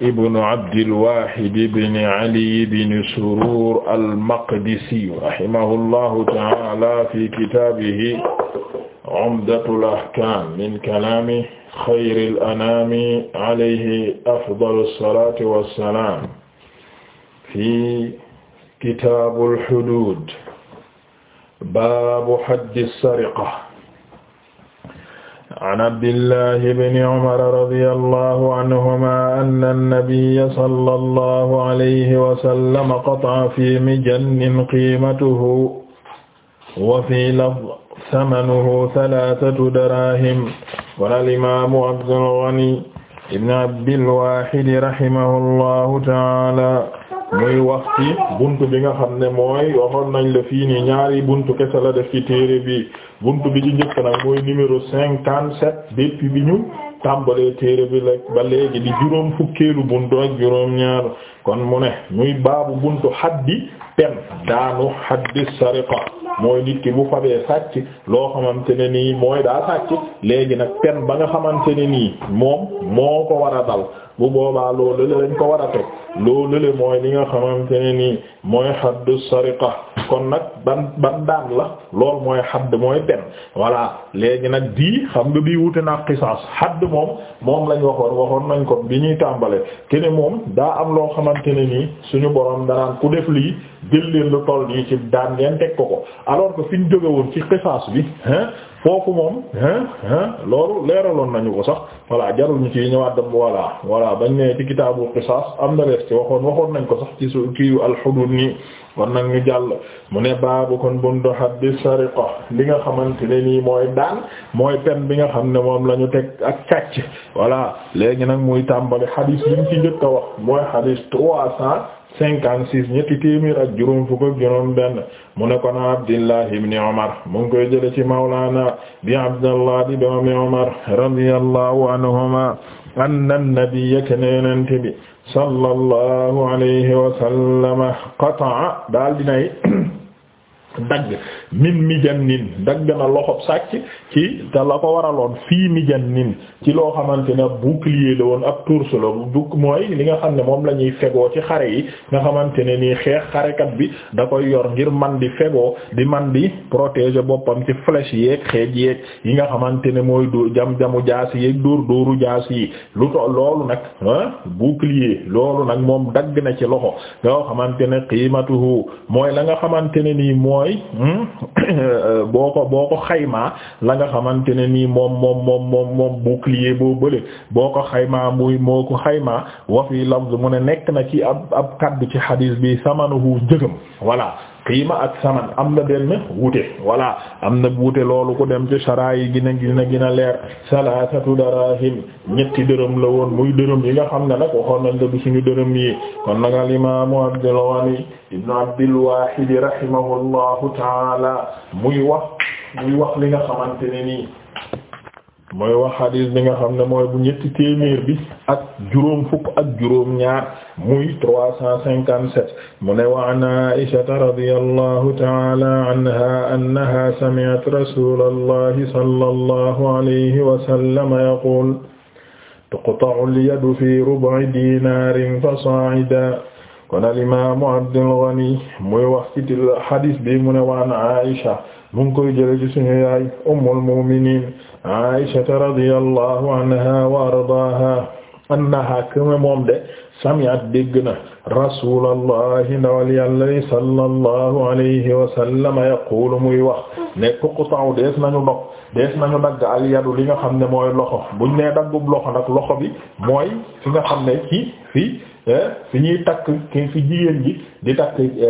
ibn abdilwahid ibn ali ibn surur almaqdisi rahimahullahu taala fi kitabihi umdatul ahkam min kalami xayril anami alayhi afdalu salati wassalam fi kitabul hudud babu haddi sariqa an abdillahi bni umar radiyallahu anhuma anna nabiyya sallallahu alayhi wa sallam qata'a fi mijannin qiimatuhu wa fi lafdin samanuhu salaasatu daraahim qaala al-imaamu Abdul Ghani ibn Abdil Waahid rahimahullahu ta'aala muy wax ci bunt bi nga xam ne mooy waxoon nañ la fii nii ñaari bunt kese la def ci téere bi buntu bi ci njëkk nag mooy numéro cinquante sept depuis bi ñu tàmbalee téere bi lekk ba léegi di juróom fukkeelu buntu ak juróom ñaar kon mu ne muy baabu buntu haddi pen daanu haddi sariqa mooy nit ki bu fabee sàcc loo xamante ne nii mooy daa sàcc léegi nag pen ba nga xamante ne nii moom moo ko war a dal bu boobaa loolu la lañ ko war a teg loolu la mooy li nga xamante ne nii mooy xaddu sariqa kon nag ban ban daan la lool mooy xadd mooy benn voilà léegi nag bii xam nga bii wute na qisaas xadd moom moom lañ waxoon waxoon nañ ko bi ñuy tàmbale kene moom daa am loo xamante ne nii suñu borom danaan ku def lii jël leen lu toll nii ci daan ngeen teg ko ko alors que fi ñu jóge woon ci qisaas bi hein foofu moom loolu leeraloon nañu ko sax voilà jarul ñu ci ñëwaat dem voilà bañ ne ci kitaabu qisaas am na lees ci waxoon waxoon nañ ko sax ci su kii alxudud nii kon nag ñu jàll mu ne baabu kon bundu haddi sariqa li nga xamante ne nii mooy daan mooy pen bi nga xam ne moom la ñu teg ak càcc voilà léegi nag muy tàmbali hadis liñ ci njëkk a wax mooy hadis trois cent cinquante six ñetti téeméer ak juróom fukk ak juróom benn mu ne kon Abdillah ngi koy jële ci mawlaana bi Abdallah di doomi Umar radiyallahu anhuma anna nabiyya keneenante bi sallallahu alayhi wa sallama qata'a daal dinay dagg min mijannin dagg na loxob sàcc ci te la ko waraloon fii mijannin ci loo xamante ne bouclier la woon ab tourse la bu mooy li nga xam ne moom la ñuy fegoo ci xare yi nga xamante ne nii xeex xarekat bi da yor ngir man di fegoo di man di protéger boppam ci flèche yeeg xeej yi nga xamante ne mooy du jam jamu jaas yeeg dóor dóoru jaas yi lu to loolu nag ah bouclier loolu nag moom dagg na ci loxo yoo xamante ne qiimatuhu mooy la nga xamante ne nii mooy hmm, boo ko boo ko xaymaa la nga xamante ne nii moom moom moom moom moom bouclier boo bële boo ko xaymaa muy moo ko xaymaa wa fi mu ne nekk na ci ab ab kaddu ci xadiis bi samanuhu njëgam voilà qiima ak saman am na benn wute voilà am na wute loolu ko dem ci sara yi gina gina gina leer salasatu darahim ñetti dërëm la woon muy dërëm yi nga xam ne nag waxoon nañ la du suñu dërëm yi kon nag al imaamu Abdul Ghani ibnu Abdil Waahid rahimahullahu taala muy wax muy wax li nga xamante ne nii mooy wax xadiis bi nga xam ne mooy bu ñetti téeméer bi ak juróom fukk ak juróom ñaar muy trois cent cinquante sept mu ne wa an Aïsata radiyallahu ta'ala anha annaha sami'at rasulallahi sallallahu alayhi wa sallam yaqul tuqta'u al-yadu fi rub'i dinarin fa sa'idan kon al imaamu Abdul Ghani muy wax ci hadis bi mu ne waan Aisha mu ngi koy jële ci suñu yaay ummul mu'minin Aisha radiyallahu anha wa ardaaha annaha kama moom de sami'at dégg na rasulallahi ndawal yàlla li sallallahu alayhi wa sallam yaqulu muy wax ne tuqta'u dees nañu dog dees nañu dagg al yadu li nga xam ne mooy loxo buñ ne daggub loxo nag loxo bi mooy fi nga xam ne ci fii Eh? fi ñuy takk ki fi jigéen ji di takk eh,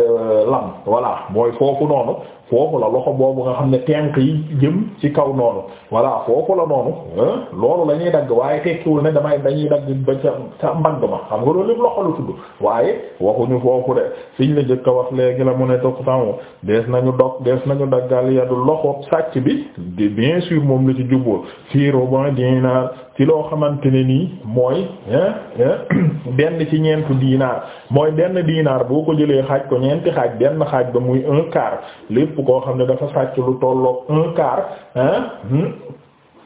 lam voilà mooy foofu noonu foofu la loxo boobu nga xam ne tenk yi jëm ci kaw noonu voilà foofu la noonu eh? loolu la ñuy dagg waaye tekkiwul ne damay dañuy dagg ba ca ca mbagg ma xam nga loolu lépp loxo lu tudd waaye waxuñu foofu de fiñ la jëkk a wax léegi la mu ne toog taw dees nañu dog dees nañu daggal yadu loxo sàcc bi bien sûr moom la ci jubboo fiiro bon dinaar ci loo xamante ne nii mooy benn ci ñeenti diinaar mooy benn diinaar boo ko jëlee xaaj ko ñeenti xaaj benn xaaj ba muy un quart lépp koo xam ne dafa sàcc lu tolloog un quart hmm,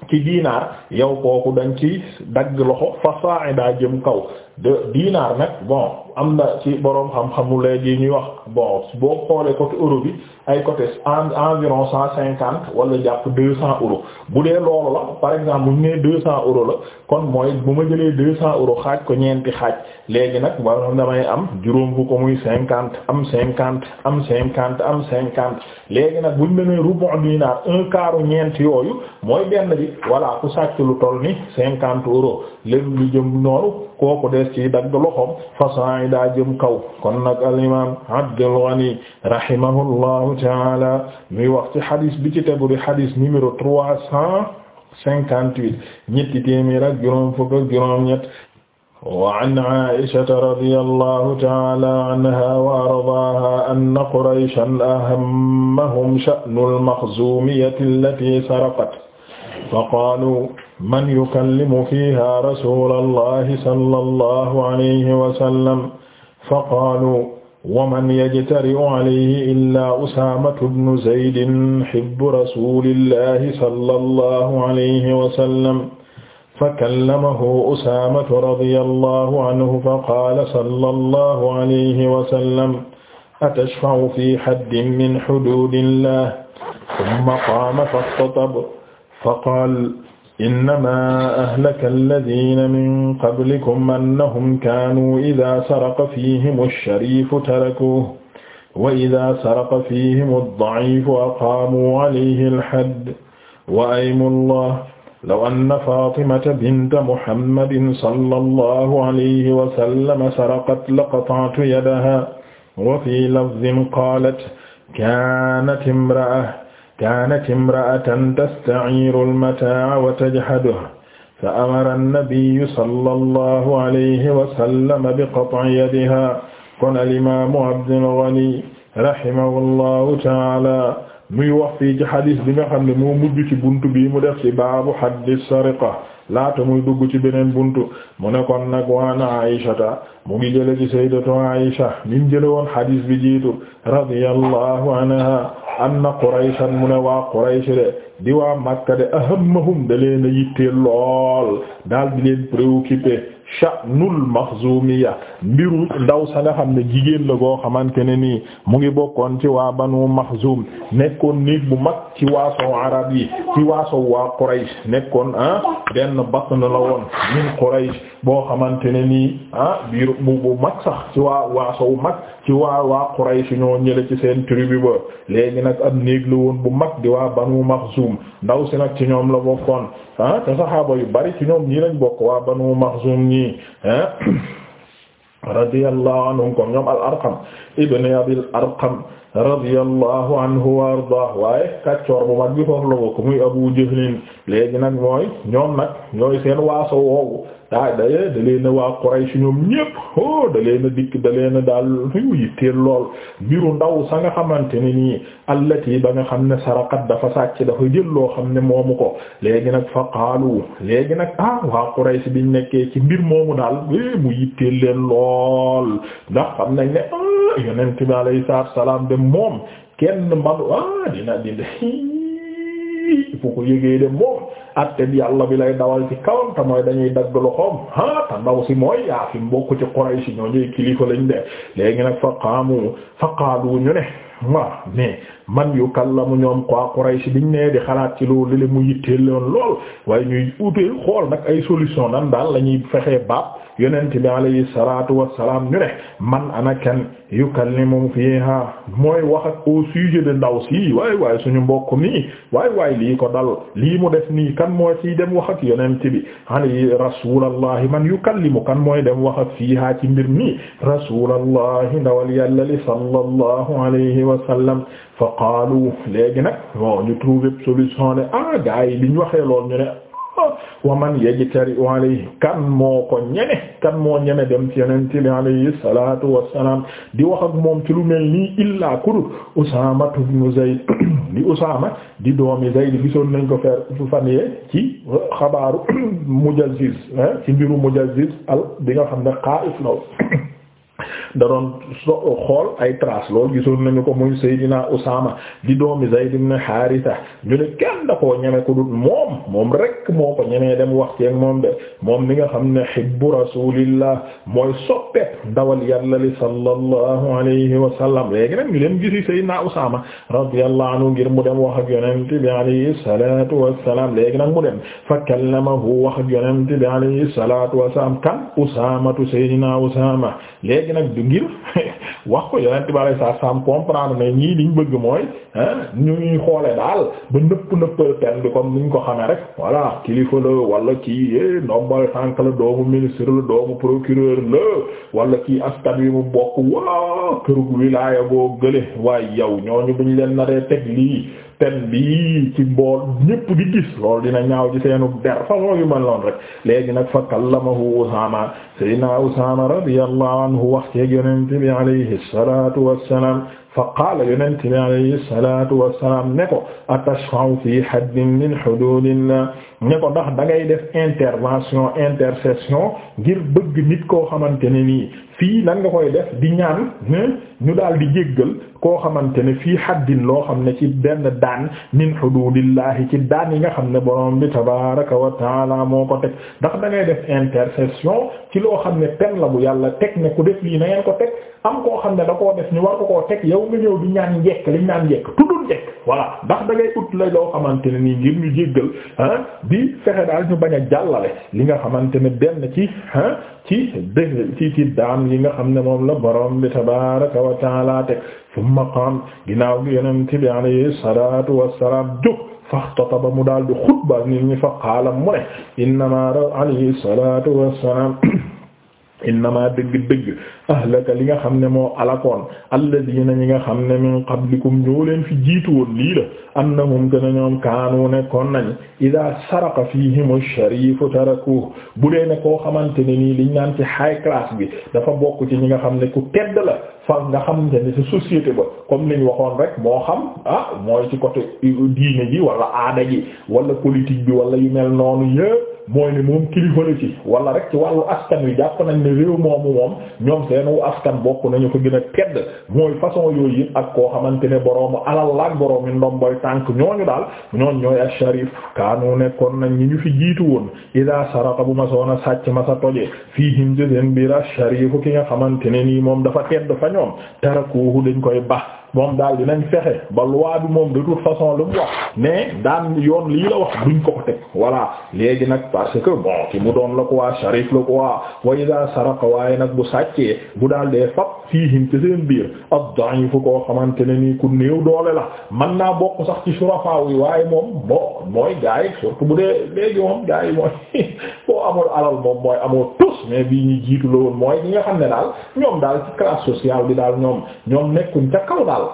ci diinaar yow kooku dañ ci dagg loxo fa saa daa jëm kaw de diinaar nag bon am na ci boroom xam-xamu léegi ñuy wax bon boo xoolee côté euro bi ay côté en environ cent cinquante wala jàpp deux cents euros bu dee loolu la par exemple bu ñu nee deux cents euros la kon mooy bu ma jëlee deux cents euros xaaj ko ñeenti xaaj léegi nag war damay am juróom bu ko muy cinquante am cinquante am cinquante am cinquante léegi nag bu ñu nee rubu' dinar un quart ñeent yooyu mooy benn di voilà ku sàcc lu toll ni cinquante euros léegi lu jëm noonu kooku des ci dagg loxoom façon yi daa jëm kaw kon nag al imam Abdul Ghani rahimahullahu taala muy wax ci xadis bi ci tegu di xadis numéro trois cent cinquante huit ñetti téeméer ak juróom fukk ak juróom-ñett wa an Aïshata radiyallahu taala anha wa ardaaha anna Qurayshan ahammahum sha'nul Makhzuumiyyati allatii saraqat faqaaluu man yukallimu fiha rasula allahi sala allahu alayhi wasallam fa qaalu waman yajtari'u alayhi illaa usaamatu bnu zaydin hibbu rasulillahi sala allahu alayhi wasallam fakallamahu usaamatu radiya allahu anhu faqaala sala allahu alayhi wasallam atashfa'u fi haddin min huduudillah summa qaama faxtataba faqaala innamaa ahlaka allaziina min qablikum annahum kaanuu idaa saraqa fiihimu shariifu tarakuuhu wa idaa saraqa fiihimu daciifu aqaamuu calayhi alhadd wa aymu llaah law anna faatimata binta muhammadin sallallahu alayhi wa sallam saraqat laqatactu yadahaa wa fii lafdin qaalat kaanat imra'a kaanat imra'atan tasta'iru al-mataa'a wa tajhaduhu fa amara an-nabiyyu sallallahu alayhi wa sallam bi qat'i yadihaa kon al-imaamu Abdul Ghani rahimahullahu ta'aala muy wax fii ci xadis bi nga xam ne moo mujj ci buntu bii mu def ci baabu haddi sariqa laata muy dugg ci beneen buntu mu ne kon nag waan Aysata mu ngi jële ci sayyidatu Aysa min jële woon xadis bi jiitu radiyallahu anha anna quraysan mu ne waa quraysh de di waa makka de ahammahum da leen a yitteel lool daal di leen préoccupé sha'nul maxzumiya mbiru ndaw sa nga xam ne jigéen la goo xamante ne nii mu ngi bokkoon ci waa banu maxzum nekkoon néeg bu mag ci waasow arab yi ci waasow waa quraysh nekkoon ah benn batn la woon min boo xamante ne nii ah biir bu bu mag sax ci waa waasow mag ci waa waa quraysh ñoo ñële ci seen tribu ba léegi nag am néeg la woon bu mag di waa banu maxzum ndaw si nag ci ñoom la bokkoon ah, te saxaaba yu bari ci ñoom ñii lañ bokk waa banu maxzum ñii radiyallahu anhum comme ñoom al arqam ibn abil arqam radiyallahu anhu wa ardaah waaye kàccoor bu mag bi foofu la bokk muy Abu Jahlin léegi nag mooy ñoom nag ñooy seen waaso woowu daa daye da leen waa Quraysh ñoom ñépp oh da leen dikk da leen daal yu yitteel lool biru ndaw sa nga xamante ne nii allati ba nga xam ne saraqat dafa sàcc dafa jël loo xam ne moomu ko léegi nag fa qaalu léegi nag ah waa Quraysh biñ nekkee ci mbir moomu daal eh, mu yitteel leen lool ndax xam ne ah yonent bi alayhi salaam moom kenn manu ah dina dina fu ko yëgee de moom atte bi yàlla bi lay dawal ci kawam te mooy dañuy dagg loxoom ha te ndaw si mooy yaa fi mbokk ci Quraysh ñoo ñuy kilifa lañ de léegi nag fa qaamu fa qaalu ñu ne waaw mais man yu kallamu ñoom quoi si biñ nee di xalaat ci loolu li mu yitteel loon lool waaye ñuy uteel xool nag ay solution nan daal la ñuy fexee baab yonent bi alayhi salaatu wassalaam ñu ne man ana kenn yukallimu fiha mooy wax ak au sujet ndaw si suñu mbokk nii waay waay ko dal lii mu def nii kan mooy ciy dem wax ak yonent bi alayhi rasulallahi man yukallimu kan mooy dem wax ak fiihaa ci mbir mi rasulallahi ndawal yàlla li sallallahu alayhi wa sallam fa qaalu léegi nag bon ñu trouvé solution ne ah gars yi biñ waxee lool ñu ne ah, wa man yajtari alayhi kan moo ko ñeme kan moo ñeme dem ci yonent bi alayhi salaatu wassalaam di wax ak moom ci lu mel nii illaa kudu Usaama ibn Zayd di Usaama di doomi Zayd gisoon nañ ko fer fan yee ci xabaaru Mujazziz eh, ci mbiru Mujazziz al bi nga xam ne xaa'if law da doon xool ay trace loolu gisoon nañu ko muy Seydina Usaama di doomi Zayd ibn Haarisa ñu ne kenn da koo ñeme ko moom moom rek moo ko ñemee dem wax ci moom de moom mi nga xam ne xibbu rasulillah mooy soppeet ndawal yàlla li sallallahu alayhi wa sallam léegi nag ñu leen gisi sayyidina Usaama radiyallahu anhu ngir mu dem wax ak yonent bi alayhi salatu wassalam léegi nag mu dem fa kallamahu wax ak yonent bi alayhi salatu wassalam kan Usaamatu sayyidina Usaama léegi nag du ngir wax ko yeneen tubaab saa sam comprendre ne ñii liñ bëgg mooy ñu ñuy xoole daal ba nëpp nëppal ten bi comme niñ ko xamee rek voilà kilifa la wala kii eh, ndombal tànk la doomu ministre la doomu procureur la wala kii askan wi mu bokk waa kërug wilaaya boo gële waaye yow ñooñu buñ leen naree teg lii ten bi ci mbool ñépp di gis loolu dina ñaaw ci seenu der façon yu mel noonu rek léegi nag fa kallamahu Usaama sayyidina Usaama radiyallahu anhu wax ci yonent bi alayhi salaatu wassalaam fa qaala yonent bi alayhi salaatu wa salaam ne ko atashfa'u fii haddin min huduudillah ne ko ndax da ngay def intervention intercession ngir bëgg nit koo xamante ne nii fii lan nga koy def di ñaan ñu daal di jéggal koo xamante ne fii haddin loo xam ne ci benn daan min huduudillahi ci daan yi nga xam ne bo bi tabaaraka wa moo ko teg ndax da ngay def intercession ci loo xam ne pen la bu yàlla teg ne ku def lii na ngeen ko teg. am koo xam ne da koo def ñu war ko koo teg yow nga ñëw di ñaan njekk liñ naan njekk tuddul njekk voilà ndax da ngay ut la loo xamante ne nii ngir ñu jéggal ah di fexe daal ñu bañ a jàllale li nga xamante ne benn ci ah yi nga xam ne moom la borom bi teg summa qaam ginnaaw gi yonent bi alayhi salatu wasalaam jóg faxtataba mu daal di xutba nit ñi fa qaala mu ne innama ra alayhi salatu wasalaam dëgg-dëgg ahlaka li nga xam ne moo alakoon na ñi nga xam ne min qablikum ñoo leen fi jiitu woon lii la annahum kana ñoom kaanu nekkoon nañ ida saraqa fihim ash-sharifu tarakuhu bu dee ne koo xamante ne nii liñ naan ci high class bi dafa bokk ci ñi nga xam ne ku tedd la fa nga xam ne ci société ba comme liñ waxoon rek moo xam ah mooy ci côté diine ji wala aada ji wala politique bi wala yu mel noonu yëpp mooy ne moom kilifa la ci wala rek ci wàllu askan wi jàpp moom ñoom seenu askan bokk nañu ko gën a tedd mooy façon yooyu yëpp ak koo xamante ne boroomu alal laak boroomi ndomboy tànk ñooñu daal ñooñ ñooy ak sharif kaanu nekkoon nañ ñi ñu fi jiitu woon ida saraka bu ma soona sàcc ma sa toje fii him seen biir ak sharifu ki nga xamante ne nii moom dafa tedd fa ñoom tarakuhu dañ koy bax moom daal dinañ fexe ba loi bi moom de toute façon lu mu wax mais daan yoon lii la wax duñ ko ko teg voilà léegi nag parce que bon ki mu doon la ko waa sharif la ko waa wa iza saraka waaye nag bu sàccee bu daal dee fii fiihim ci seen biir ad-da'ifu koo xamante ne nii ku néew doole la man naa bokk sax ci shurafa yi waaye moom bon mooy gaa surtout bu dee léegi moom gaa mooy boo amul alal moom mooy amoo tous mais bii ñu jiitu la woon mooy ñi nga xam ne daal daal ci classe bi daal ñoom ñoom nekkuñ ca kaw daal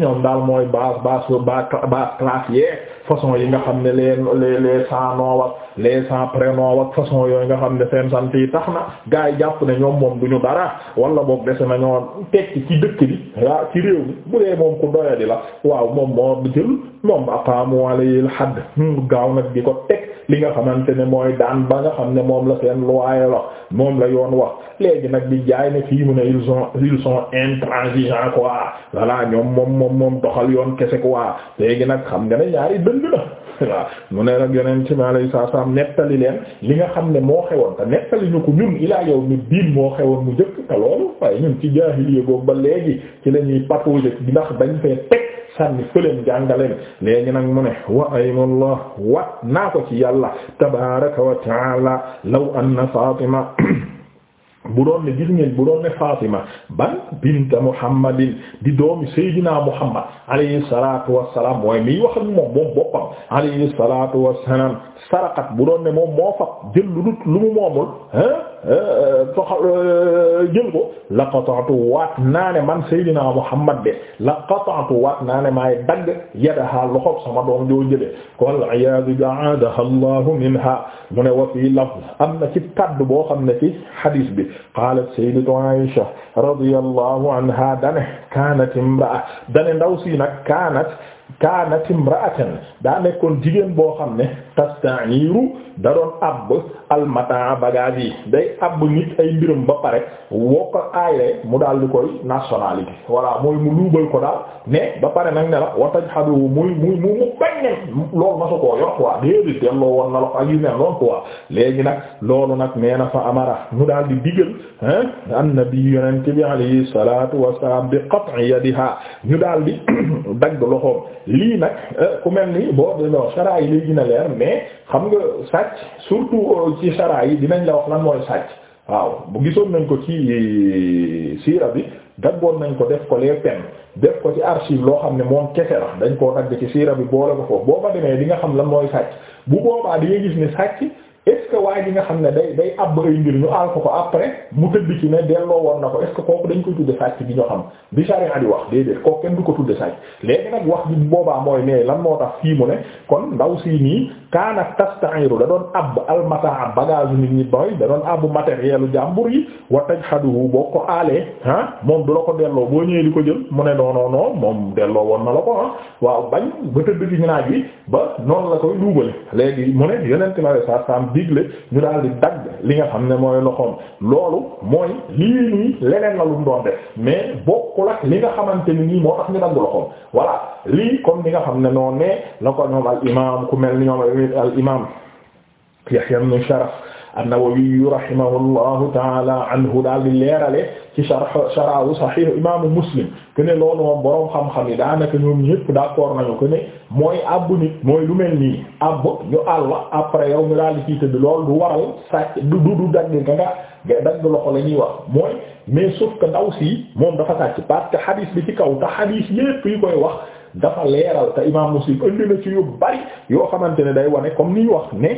ñoom daal mooy baas baas ba baas classe yeeg façon yi nga xam ne les les les sans nom ak les sans prénom ak façon yooyu nga xam ne seen sant yi tax na gars yi jàpp ne ñoom moom du ñu dara wala boog dese na ñoo tekki ci dëkk bi waaw ah, ci réew mi bu dee moom ku doya la waaw moom moo jël moom aqaamu alayhi al hadd hmm, gaaw nag di ko teg li nga xamante ne mooy daan ba nga xam ne moom la seen loyer la moom la yoon wax léegi nag bi jaay ne fii mu ne ils son ils sont intransigeants quoi voilà ñoom moom moom moom doxal yoon kese quoi léegi nag xam nga ne ñaari dëng na waaw mu ne nag yonent bi alayhi salaam nettali leen li nga xam ne moo xewoon te nettali ñu ko ñun ilaa yow mi diin moo xewoon mu jëkk te loolu waaye ñun ci jaahiliya googu ba léegi ci la ñuy papauger ndax dañ fee teg sànni fëleen jàngaleen léegi nag mu ne wa aymullah wat naa ko ci yàlla tabaraka wa taala law anna fatima bu doon ne gis ngeen bu doon ne Fatima ban binta Muhammadin di doomi Seydina Muhammad alayhi salaatu wa salaam mooy miy wax ak moom moom boppam saraxat bu doon ne moom moo fab jël lu dut lu mu moomul euh, euh, jël ko la qata'tu waat naa ne man Seydina Muhammad de la qata'tu waat naa ne maay yadaha loxob sama doom joo jëlee qul a'yadu a'adaha Allahu minha mu wa fii lafz am na ci kaddu boo xam ne ci hadis bi qalat sayyidatu Aisha anha dane kanat imra'a dane ndaw si nag boo xam ne tasta'iru da doon abb almataa bagage yi day abb nit ay mbiram ba pare woo ko mu daldi koy nationalité voilà mooy mu luubal ko daal ne ba pare nag ne la wataj xadu muy muy mu mu bañ ne loolu ma su koo yor quoi déedéet delloo woon na yu mel noonu quoi léegi nag loolu nag nee na fa amara mu daal digal ah annabi yonent bi alayhi salaatu bi qat'i yadiha ñu daal di dagg loxoom lii nag eh, ku mel ni boo delloo saraay léegi na leer mais xam nga sàcc surtout euh, ci sara yi dinañ la wax lan mooy sàcc waaw bu gisoon nañ ko ci euh, siira bi daggoon nañ ko def ko les peines def ko ci archive loo xam ne moom kese la dañ koo dagg ci siira bi boole ko foofu boo fa demee di nga xam lan mooy sàcc bu boobaa di gis ne sàcc est-ce que nga xam ne day day àbb ay mbir ñu àll ko ko après mu tëdd ci ne delloo woon na ko est-ce que kooku dañ koy tudde sàcc bi ñu xam bi sharia di wax déedéet kooku kenn du ko tudde sàcc léegi nag wax bi boobaa mooy ne lan moo tax fii mu ne kon ndaw si nii kaanat tasta'iru da doon àbb almataa bagage nit ñi boy da doon àbb matérielu jàmbur yi wa tajhaduhu boo ko aalee ah moom du la ko delloo boo ñëwee di ko jël mu ne non non non moom delloo woon na la ko ah waaw bañ ba tëdd ci bi ba noonu la koy duubale léegi ñu daal di dagg li nga xam ne mooy loxoom loolu mooy lii nii leneen la lu doon def mais bokkul ak li nga xamante ni nii moo tax ñu dagg loxoom voilà lii comme li nga xam ne noonu ne la ko ñoom al imaam ku mel ni ñoom al imaam Yahya ibn Sharaf an-Nawawi rahimahullahu ta'ala anhu daal leerale ci sharh sharahu sahih imaamu muslim que ne loolu moom boroom xam-xam yi daanaka ñoom ñëpp d'accord nañu que ne mooy àbb nit mooy lu mel nii àbb ñu àll après yow ñu daal di ciy lool loolu du waral sàcc du du du dagg nga nga dagg loxo la ñuy wax mooy mais sauf que ndaw si moom dafa sàcc parce que xadiis bi ci kaw te xadiis yépp yi koy wax dafa leeral te imaam muslim indi na ci yu bari yoo xamante ne day wane comme niy wax ne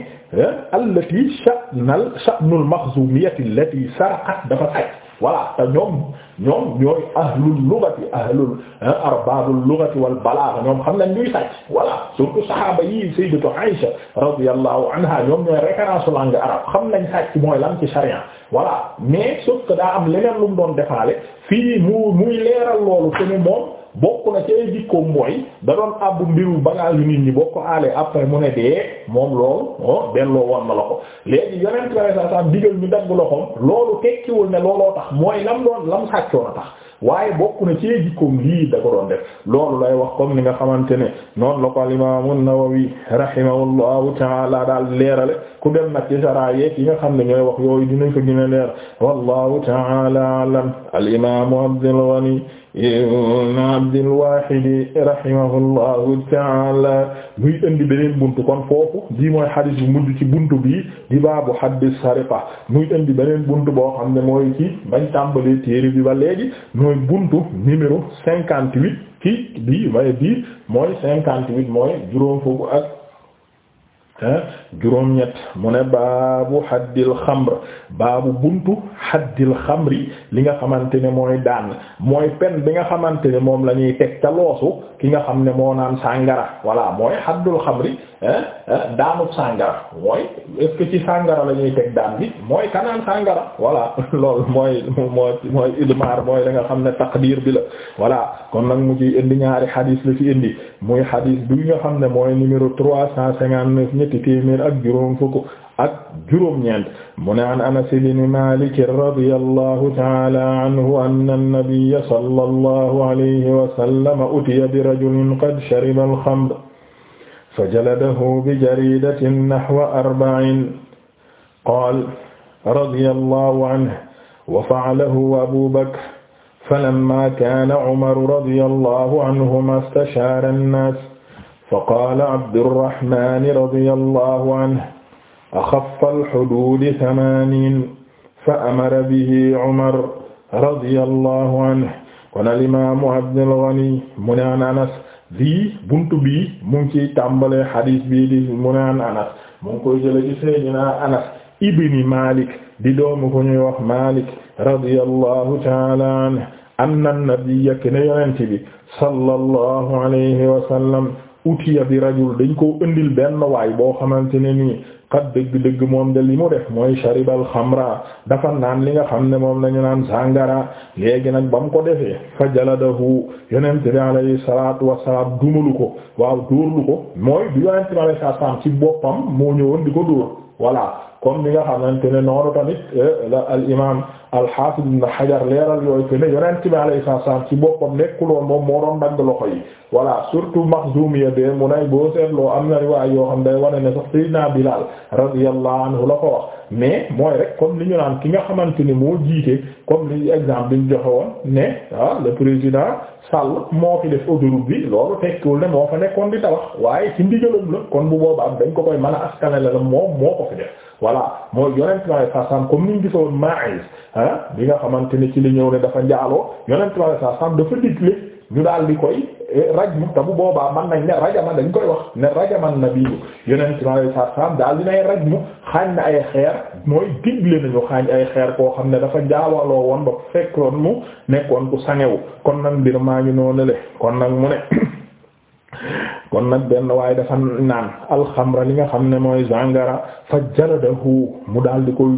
allati sha'nal sha'nul maxzumiyyati allati sarqat dafa sàcc voilà te ñoom ñoom ñooy ahlul lughati ahlul arbabul lughati wal balagha ñoom xam nañ ñuy sàcc voilà surtout sahaaba yi sayyidatu Aïsha radiyallahu anha ñoom ñooy référence langue arabe xam nañ sàcc mooy lan ci sharia voilà mais daa am leneen lu doon defaale fii mu muy leeral loolu te moom bokk na ci ay jikkoom mooy da doon àbbu mbiru bagage yu nit ñi boo ko aalee après mu ne dee moom loolu oh delloo woon na la ko léegi yeneen traçais sax digal ñu dagg loxoom loolu tekkiwul ne looloo tax mooy lam doon lam sàccoon a tax waaye bokk na ci ay jikkoom lii da ko doon def loolu lay wax kom ni nga xamante ne noonu la ko al imaamu Nawawi rahimahullahu ta'ala daal leerale ku dem nag ci saraa yeek yi nga xam ne ñooy wax yooyu dinañ ko gën a leer ibn Abdul Wahid rahimahullahu ta'ala muy indi beneen buntu kon foofu di mooy xadis bu mujj ci buntu bi di baabu haddi sariqa muy indi beneen buntu boo xam ne mooy ci bañ tàmbalee téere bi ba léegi mooy buntu numéro cinquante huit ci bii waaye bii mooy cinquante huit mooy juróom fukk ak juróom-ñett mu ne baabu haddil xamr baabu buntu haddil xamri li nga xamante ne mooy daan mooy pen bi nga xamante ne moom la ñuy teg ca loosu ki nga xam ne moo naan sàngara voilà mooy haddul xamri daanub sàngara mooy est ci sàngara la ñuy teg daan bi mooy kanaan sàngara voilà lool mooy mooy mooy idmar mooy la nga xam ne taqdir bi la voilà kon nag mu ci indi ñaari hadis la ci indi muy hadis bi nga xam ne mooy numéro trois cent cinquante-neuf ñetti téeméer ak juróom fukk ak juróom-ñeent mu ne an Anas ibn Malik radiyallahu ta'ala anhu anna an-nabiyya sallallahu alayhi wa sallam utiya bi rajulin qad shariba al-khamr fajaladahu bi jaridatin nahwa arba'in qaala radiyallahu anhu wa fa'alahu Abu Bakr falamma kaana Umar radiyallahu anhuma istashara an-naas فقال عبد الرحمن رضي الله عنه أخف الحدود ثمانين فأمر به عمر رضي الله عنه kon al-imaam Abdul Ghani mu ne an Anas bii buntu bii mu ngi ciy tàmbalee xadiis bii di mu ne an Anas mu ngi koy jëlee ci Seydina Anas ibni Malik di doomu ko ñuy wax Malik radiyallahu ta'ala anhu anna nabiyya kana yonent bi sallallahu alayhi wa sallam utiya bi rajul dañ ko indil benn waay boo xamante ne nii xat dëgg-dëgg moom de li mu def mooy sharibal xamra dafa naan li nga xam ne moom lañu naan sàngara léegi nag ba ko defee fa jaladahu yonent bi alayhi salaatu wasalaam dumalu ko waaw dóorlu ko mooy du yonent bi alayhi salaatu wasalaam ci boppam moo ñëwoon di ko dóor voilà comme li nga xamante ne noonu tamit eh, la al imaam al-Hafiz Ibn Hajar leeral yooyu que ne yonent bi alayhi salaam ci boppam nekkuloon moom moo doon dagg loxo yi voilà surtout Makhzumi ya dee mu nay boo seetloo am na riwaay yoo xam day wane ne sax Sayyidina Bilal radiyallahu anhu la ko wax mais mooy rek comme li ñu naan ki nga xamante ni moo jiite comme li exemple bi ñu joxe woon ne ah le président Sall moo fi def autoroute bi loolu tekkiwul ne moo fa nekkoon di tabax waaye ci ndigalam la kon bu boobaa dañ ko koy mën a moo voilà mooy yonent bi alayhi salaam comme ni woon maa Ma'iz ah bi nga xamante ne ci li ñëw ne dafa njaaloo yonent bi alayhi salaam dafa digle ñu daal di koy eh, rajmu te bu boobaa man nañ ne rajaman dañ koy wax ne rajaman nabiyu yonent bi alayhi salaam daal raj rajmu xaañ na ay xeer mooy digle nañu xaañ ay xeer koo xam ne dafa njaaloo woon ba fekkoon mu nekkoon ku sangewu kon nag mbir maa ngi noonu le kon nag mu ne. kon nag benn waaye dafa naan alxamra li nga xam ne mooy zangara fa jaladahu mu daal di koy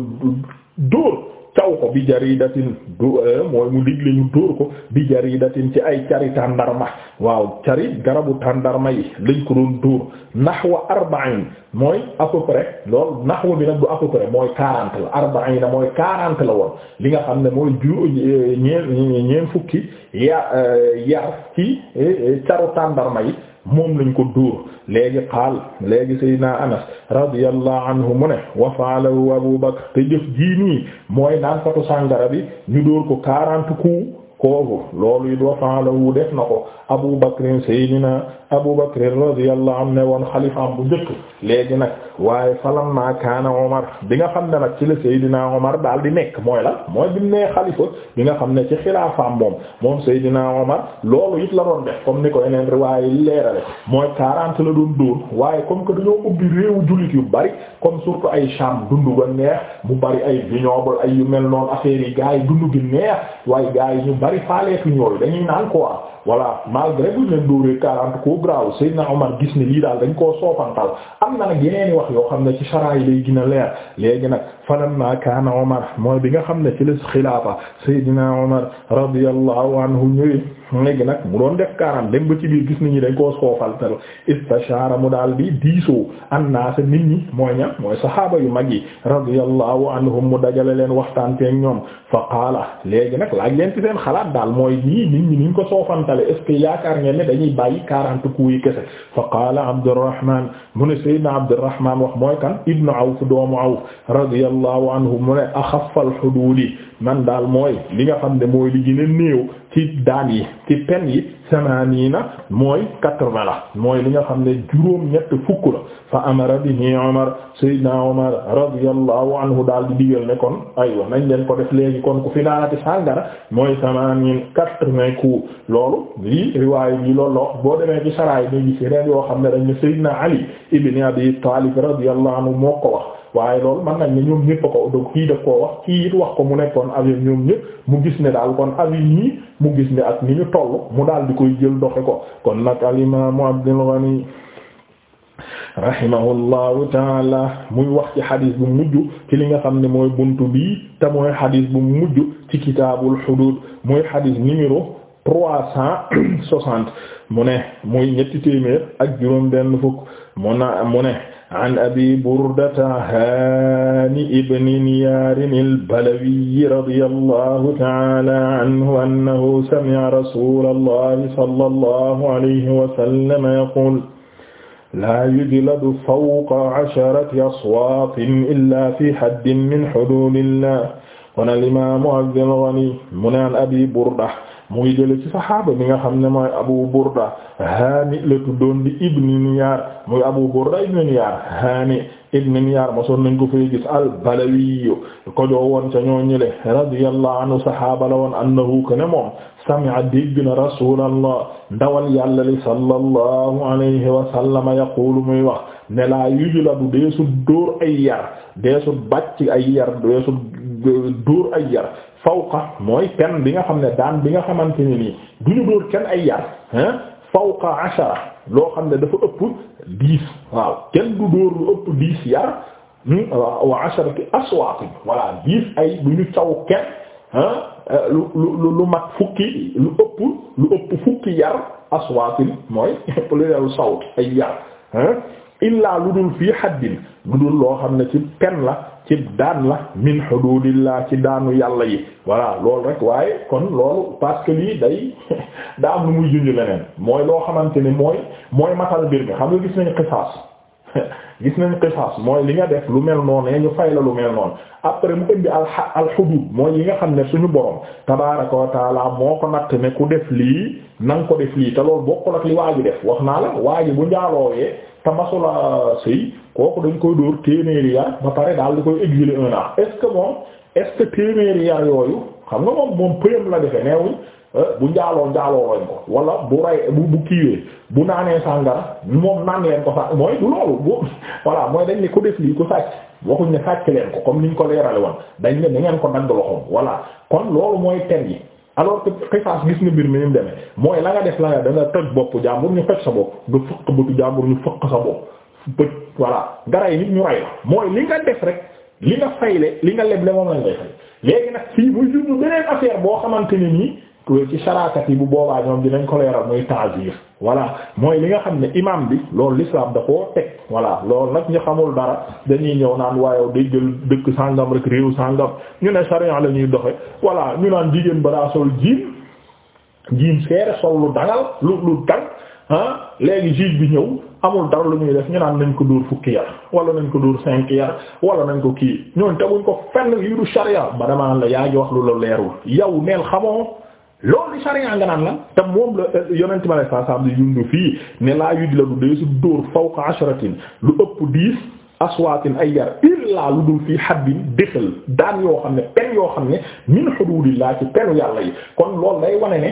dóor caw ko bi jaridatin du euh, mooy mu digle ñu ko bi jaridatin ci ay cari tàndarma waaw cari garabu tàndarma yi lañ ko doon dóor nahwa mooy à peu près loolu naxwa bi nag du à peu près mooy quarante la arbaina mooy quarante la woon li nga xam ne mooy ju ñeen ñeen fukki ya yar ci caru tàndarma yi moom lañ ko dóor léegi qaal léegi sayyidina anas radiyallahu anhu mu ne wa fa'alahu abu bakr te jëf jii nii mooy naan fatu sàngara bi ñu dóor ko quarante coups kooku loolu it wa fa'alahu def na ko Abu Bakr Seydina Abu Bakr radiyallahu anhu ne woon xalifaam bu njëkk léegi nag waaye falamma kaana Omar bi nga xam ne nag ci la Seydina Omar daal di nekk mooy la mooy bi mu nee xalifa bi nga xam ne ci xilaafaam moom moom Seydina Omar loolu it la doon def comme ni ko yeneen riwaaya yi leerale mooy 40 la doon dóor waaye comme que dañoo ubbi réewu jullit yu bari comme surtout ay Sham dundu ga neex mu bari ay vignoble ay yu bari faaleetuñ yooyu dañuy naan quoi voilà malgré buñ leen dóoree quarante koo graw Seydina Omar gis ne lii daal dañ koo soofantal am na nag yeneen wax yoo xam ne ci saraay lay gën a leer léegi nag falamma kaana Umar mooy bi nga xam ne ci la xilaafa Seydina Umar radiyallahu anhu ñëwee léegi nag mu doon def kaaraam dem ba ci biir gis nit ñi dañ koo soofal tal istashaara mu daal di diisoo annaas nit ñi mooy ña mooy saxaaba yu mag yi radiyallahu anhum mu dajale leen waxtaan ak ñoom fa qaala léegi nag laaj leen ci seen xalaat daal mooy ñii nit ñi niñ ko soofantale est ce que yaakaar ngeen ne dañuy bàyyi quarante coups yi kese fa qaala Abdurrahman mu ne Seydina Abdurrahman wax mooy kan ibnu Awf doomu Awf radiyallahu radiyallahu anhu mu ne axafal xuduudi man daal mooy li nga xam ne mooy li gën a néew ci daan yi ci pen yi mooy quatre-vingts la mooy li nga xam ne juróom ñett fukk la fa amara bihi Umar sayyidina Umar radiyallahu anhu daal di digal ne kon aywa nañ leen ko def léegi kon ku fi naanati sàngara mooy samaniin quatre-vingts coups loolu lii riwaay bi loolu boo demee ci saraay ñu gis yeneen yoo xam ne dañ ne sayyidina Ali ibn Abi Talib radiyallahu anhu moo ko wax waaye lool mën nañ ne ñoom ñëpp ko donc kii daf koo wax kii it wax ko mu nekkoon avis ñoom ñëpp mu gis ne daal kon avis ñii mu gis ne ak ni ñu toll mu daal di koy jël doxe ko kon nag al imaamu Abdul Ghani rahimahullahu taala muy wax ci xadis bu mujj ci li nga xam ne mooy buntu bii te mooy xadis bu mujj ci kitaabul xuduud mooy xadis numéro trois cent soixante mu ne muy ñetti téeméer ak juróom benn fukk mu na mu ne an abi burdata haani ibni niyaarin al-balawi radiyallahu ta'ala anhu annahu sami'a rasuulallahi sallallahu alayhi wa sallam yaqul laa yujladu fawqa asharati aswaatin illaa fi haddin min huduudillah qaala al-imaamu Abdul Ghani mu naan abi burda mu muy jële ci saxaaba bi nga xam ne mooy Abu Burda Haani la tuddoon di Ibn Niyaar muy Abu Burda Ibn Niyaar Haani Ibn Niyaar mosoon nañ ko fay gis al-Balawi ko joo woon ca ñoo ñële radiyallahu anhu saxaaba la woon annahu kana moom sami'a dégg na rasulallah ndawal yàlla li sallallahu alayhi wa sallama yaqulu muy wax ne la yujladu deesul dóor ay yar deesul bàcc ay yar deesul dóor ay yar fawqa mooy pen bi nga xam ne daan bi nga xamante ni nii du ñu dóor kenn ay yar hein fawqa ashara loo xam ne dafa ëpp dix waaw kenn du dóor lu ëpp dix yar hmm? wa asharati aswaat voilà ay du ñu caw kenn euh, lu lu lu mag fukki lu ëpp lu ëpp fukki yar aswaatin mooy plurielu sawt ay yar illaa lu dul fii haddin lu dul loo xam ne ci pen la ci daan la min la ci daanu yàlla yi voilà loolu rek waaye kon loolu parce que lii day daa lu muy junj leneen mooy loo xamante ni mooy mooy matal mbir mi xam nga gis nañu qisaas gis nañ qisaas mooy li nga def lu mel noonu ñu fay la lu mel noonu après mu indi al alxudud mooy yi nga xam ne suñu borom tabaaraka wa taala moo ko natt ne ku def lii na ko def lii te loolu bokkul ak li waa def wax naa waa bu njaaloowee te masula sëy kooku dañ koy dóor téeméeri yar ba pare daal di koy exiler un an est que moom est-ce que téeméeri yar yooyu xam nga moom moom pëyam la defe neewuñ euh, bu njaaloo njaaloo lañ ko wala bu ray bu bu kiiwee bu naanee sàngara moom naan leen ko sax mooy du loolu bu mooy dañ ne ku def lii ku sàcc waxuñ ne sàcc leen ko comme niñ ko leerale woon dañ ne da ngeen ko dagg loxoom voilà kon loolu mooy ten yi alors que gis nga mbir mi ni mu demee mooy la nga def la nga danga toj bopp jàmbur ñu toj sa bopp du fëq bëtu jàmbur ñu fëq sa bopp bët voilà garay nit ñu ray la mooy li nga def rek li nga fayle li nga leble moom lañ lay fay léegi nag fii muy jur beneen affaire boo xamante ni nii tuwe ci sharaakat yi bu boobaa ñoom dinañ ko leeral muy ta'zir voilà mooy li nga xam ne imaam bi lool l'islam da koo teg voilà lool nag ñu xamul dara dañuy ñëw naan waaye day jël dëkk sàngam rek réew sàngam ñu ne sharia la ñuy doxe voilà ñu naan jigéen badaa sol jiin jiin seere sol lu dangal lu lu dang ah léegi juge bi ñëw amul dara lu ñuy def ñu naan nañ ko dóor fukki yar wala nañ ko dóor cinq yar wala nañ ko kii ñooñ teguñ ko fenn lii du sharia ba damaa la yaa ngi wax lu la leerul yow neel xamoo loolu sharia nga naan lan te moom la euh, yonent ma saa saa di yundu fii ne laa yudi la du dee su dóor fawqa asharatin lu ëpp diis aswaatin ay yar illaa lu dul fii haddin déxal daan yoo xam ne pen yoo xam ne min hududillah ci penu yàlla yi kon loolu day wane ne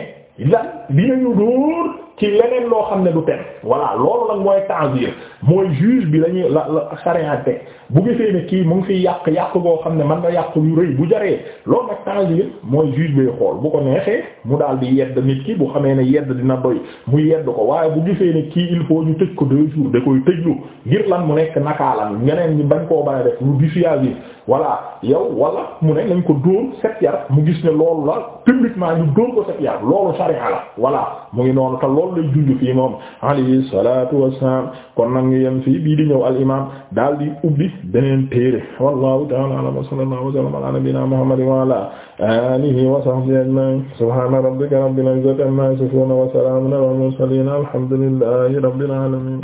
lan dinañu dóor ci leneen loo xam ne du pen voilà loolu nag mooy ta'zir mooy juge bi la ñuy la la sariante bu gisee ne kii mu ngi fiy yàq yàq goo xam ne man nga yàq yu rëy bu jaree loolu nag ta'zir mooy juge bay xool bu ko neexee mu daal di yedd nit ki bu xamee ne yedd dina doy mu yedd ko waaye bu gisee ne kii il faut ñu tëj ko deux jours da koy tëjlu ngir lan mu nekk nakaalan ñeneen ñi bañ koo bañ a def lu dissuasif voilà yow wala mu ne nañ ko dóor set yar mu gis ne loolu la publiquement ñu dóor ko set yar loolu sharia la voilà mu ngi noonu te loolu lay junj fii moom alayhi salatu wassalam kon nag ñu yem fii bii di ñëw al imam daal di ubbi beneen téere wallahu ta'ala a'lam wa sallallahu wa sallama ala nabiyyina muhammadin wa ala alihi wa sahbihi ajma'in subhana rabbika rabbil izzati amma yasifun wa salamun ala al mursalin alhamdulillahi rabbil alamin